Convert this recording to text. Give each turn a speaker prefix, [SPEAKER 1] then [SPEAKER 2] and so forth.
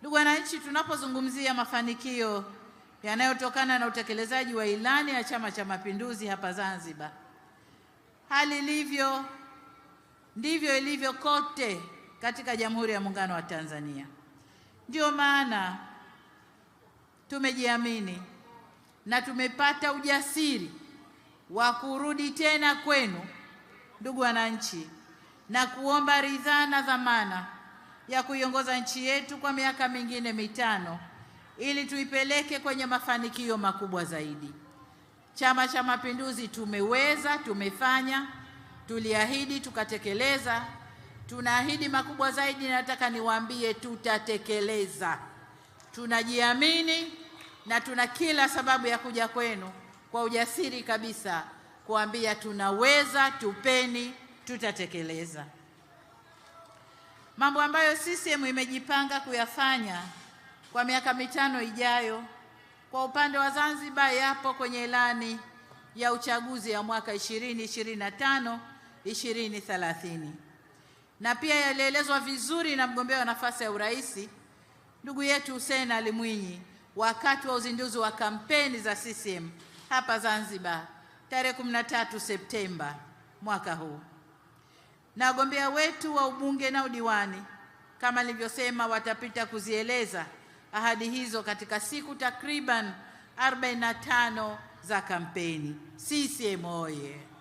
[SPEAKER 1] Ndugu wananchi, tunapozungumzia mafanikio yanayotokana na utekelezaji wa ilani ya Chama cha Mapinduzi hapa Zanzibar, hali ilivyo ndivyo ilivyo kote katika Jamhuri ya Muungano wa Tanzania. ndio maana tumejiamini na tumepata ujasiri wa kurudi tena kwenu, ndugu wananchi, na kuomba ridhaa na dhamana ya kuiongoza nchi yetu kwa miaka mingine mitano ili tuipeleke kwenye mafanikio makubwa zaidi. Chama cha Mapinduzi tumeweza, tumefanya, tuliahidi, tukatekeleza, tunaahidi makubwa zaidi. Nataka niwaambie tutatekeleza, tunajiamini na tuna kila sababu ya kuja kwenu kwa ujasiri kabisa kuambia tunaweza, tupeni, tutatekeleza mambo ambayo CCM imejipanga kuyafanya kwa miaka mitano ijayo kwa upande wa Zanzibar yapo kwenye ilani ya uchaguzi ya mwaka 2025 2030 na pia yalielezwa vizuri na mgombea wa nafasi ya urais ndugu yetu Hussein Ali Mwinyi wakati wa uzinduzi wa kampeni za CCM hapa Zanzibar tarehe 13 Septemba mwaka huu na wagombea wetu wa ubunge na udiwani, kama nilivyosema, watapita kuzieleza ahadi hizo katika siku takriban 45 za kampeni. CCM oye!